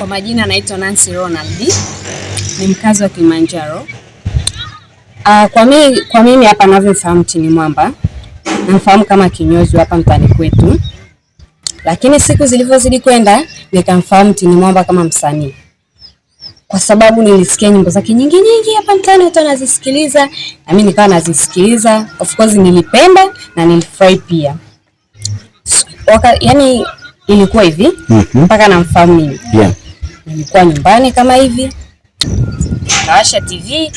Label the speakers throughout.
Speaker 1: Kwa majina naitwa Nancy Ronald, ni mkazi wa Kilimanjaro. Uh, kwa mimi kwa mimi hapa ninavyofahamu Tini Mwamba namfahamu kama kinyozi hapa mtani kwetu, lakini siku zilivyozidi kwenda nikamfahamu Tini Mwamba kama msanii, kwa sababu nilisikia nyimbo zake nyingi nyingi hapa mtani watu wanazisikiliza, na mimi nikawa nazisikiliza. Of course nilipenda na nilifurahi pia Waka, yani ilikuwa hivi mhm. mpaka mm -hmm. namfahamu mimi yeah nilikuwa nyumbani kama hivi, nikawasha TV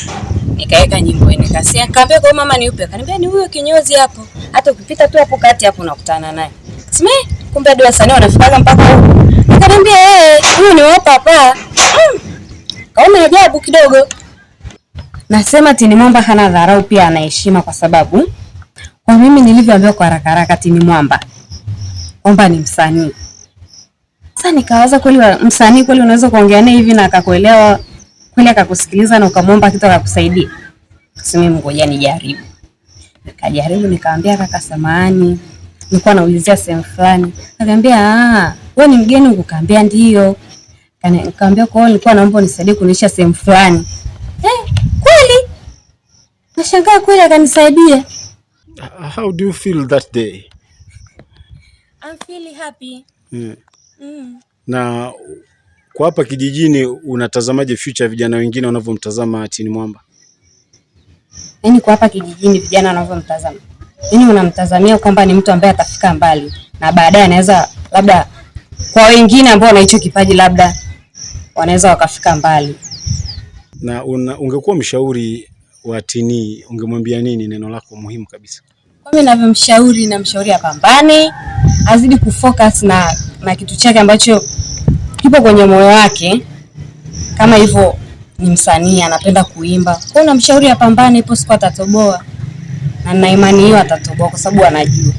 Speaker 1: nikaweka nyimbo ile, kasia kaambia kwa mama niupe, akaniambia ni huyo kinyozi hapo, hata ukipita tu hapo kati hapo unakutana naye. Sema eh, kumbe hadi wasanii wanafikaga mpaka huko. Akaniambia yeye eh, huyu ni wapo hapa. Mm. Kaona ajabu kidogo. Nasema Tini Mwamba hana dharau, pia ana heshima, kwa sababu kwa mimi nilivyoambiwa kwa haraka haraka, Tini Mwamba kwamba ni msanii sasa Nikawaza kweli msanii kweli unaweza kuongea naye hivi na akakuelewa kweli, akakusikiliza na ukamwomba kitu akakusaidia? Simi ngoja nijaribu. Nikajaribu, nikaambia kaka, samahani, nilikuwa naulizia sehemu fulani. Akaambia ah, wewe ni mgeni huko? Kaambia ndio. Kaambia kwa hiyo nilikuwa naomba unisaidie kunisha sehemu fulani. Eh, kweli nashangaa kweli, akanisaidia.
Speaker 2: How do you feel that day?
Speaker 3: I'm feeling happy. Yeah.
Speaker 2: Mm. Na kwa hapa kijijini unatazamaje future vijana wengine wanavyomtazama Tini Mwamba?
Speaker 1: Yaani kwa hapa kijijini vijana wanavyomtazama, yaani unamtazamia kwamba ni mtu ambaye atafika mbali na baadaye anaweza labda, kwa wengine ambao wana hicho kipaji labda wanaweza wakafika mbali.
Speaker 2: Na una, ungekuwa mshauri wa Tini ungemwambia nini, neno lako muhimu kabisa?
Speaker 1: Mimi navyomshauri, namshauri apambane, azidi kufocus na na kitu chake ambacho kipo kwenye moyo wake, kama hivyo ni msanii anapenda kuimba. Kwa hiyo namshauri apambane, ipo siku atatoboa, na nina imani hiyo atatoboa kwa sababu anajua.